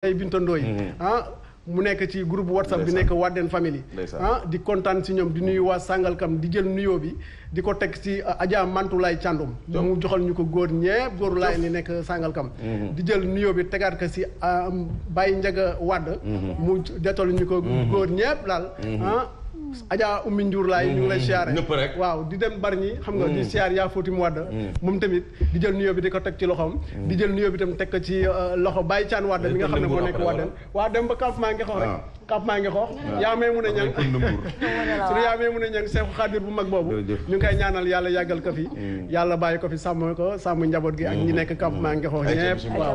ay bintandoo yi mm-hmm. ah mu nekk ci groupe whatsapp bi nekk Wadeen family ah di kontaan si ñoom di nuyu waa Sàngalkam di jël nuyoo bi di ko teg si ah, Adja Mantulaay Càndum mu joxal ñu ko góor ñëpp góoru laay ni nekk Sàngalkam mm-hmm. di jël nuyoo bi tegaat ko si ah, Baye Njaga Wadd mm-hmm. mu jotal ñu ko góor ñëpp laal ah, Adja Oumy Ndiour laay ñu ngi lay mm. siyaare waaw di dem bari ñi xam nga di mm. siyaar yaa fóoti mu wàdd moom tamit di jël nuyoo bi di ko teg ci loxoom mm. di jël nuyoo bi tam teg ko ci euh, loxo Baye Thian Wade mi nga xam ne moo nekk Wadeen waaw dem ba campement ngi xoox rek campement ah. ngi xoox ah. yaa may mun a ñang suñu yaa may mun a ñang Seexu Xaadir bu mag boobu ñu ngi koy ñaanal yàlla yàggal fi yàlla ko fi sàmm ko sàmm ak ñi nekk campement ngi xoox ñëpp waaw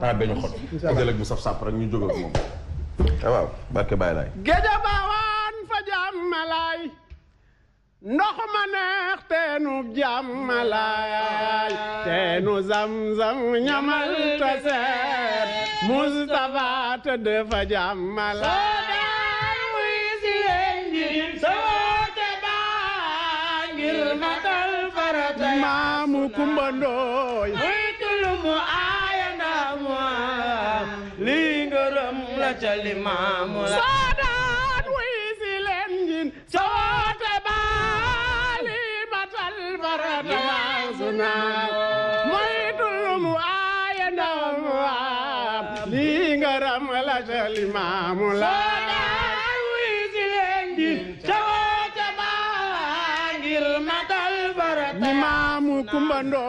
taxat dañu xol dëlëg bu saf sàpp rek ñu jóg ak moom ah, waaw barke Baye laay ndox ma neex teenu jàmmalaay teenu zamzam ñamal ta seet Moustapha tëdd fa jàmmalaay si leen ji soote baa ngir maamu kumbandooy muy mu aaya ndaamu lii ngërëm la ca limaamu la سنا مريد المعايا نوام لينغرام لا جلمام لا Imamu kumbando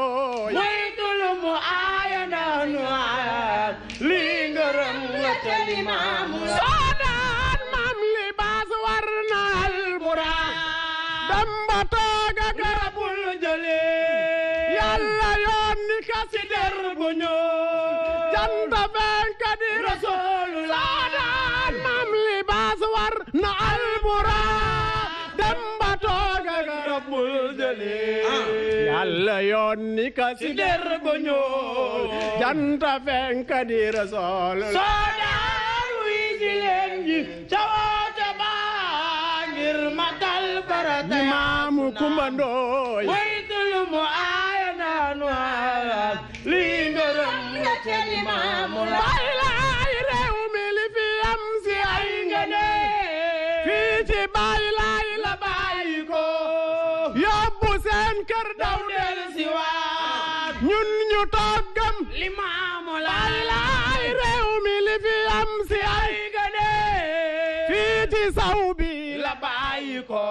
Waitul mu'ayana nu'ad Lingaram wa talimamu yàlla yoon ni ka si der ba ñoo janta fenk di rasool soo daan wi si leen ji ca woote ba ngir matal farata imaamu kumandooy waytul mu aaya naanu alal lii ngërëm la ca imaamu la wallaay réew mi li fi am si ay ngëneel fii ci baal ñun ñu toog gëm limaamu laay réew mi li fi am si ay gane fii ci saw bi la bàyyi ko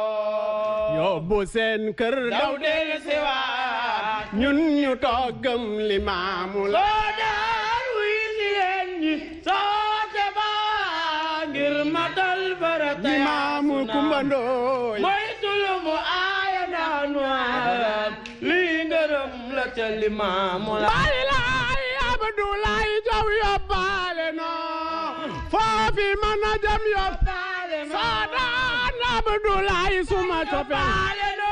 yóbbu seen kër daw del si waat ñun ñu toog gëm limaamu laay daaru yi si leen ñi soote baa ngir matal farata limaamu kumbandoo ca limaamu la bari laay abdulaay jaw yóbbaale na foofi mën a jëm yóbbaale na saadaan abdulaay suma coppaale na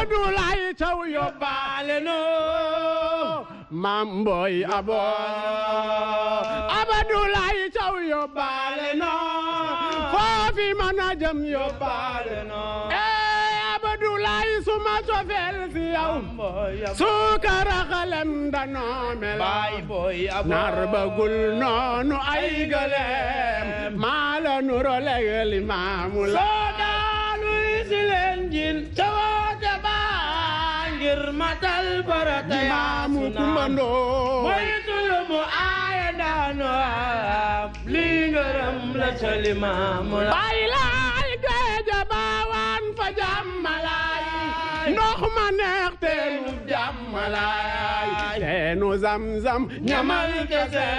abdulaay jaw yóbbaale na mamboy abo abdulaay jaw yóbbaale na suma cofeel si yow suukar a xalem danoo mel nar ba gul noonu ay gëlem maa la nuro legel imaamu la soo daaluy si leen jin ca woote baa ngir matal barata imaamu kumandoo mooy tulu mu aaya daanoo am lii ngërëm la ca limaamu la laay teenu zam-zam ñamal kese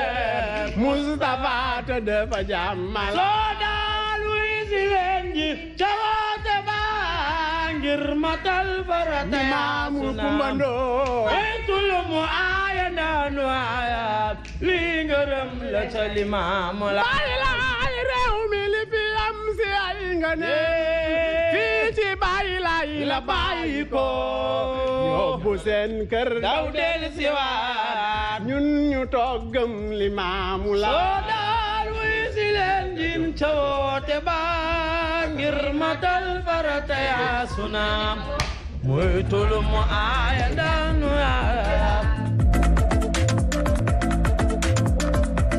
Mustafa te dafa jàmmal soo daaluy si leen ji cawoote ba ngir matal farata maamu kumbandoo waytul mu aaya ndaanu aaya li ngërëm la ca limaamu la réew mi li fi am si ay nga ne yi la bàyyi ko yóbbu seen kër daw del siwaat ñun ñu toog gëm li maamu la soo daal wuy si leen jin cawoote ba ngir matal farata yaa sunaam muy tulu mu aaya daanu yaa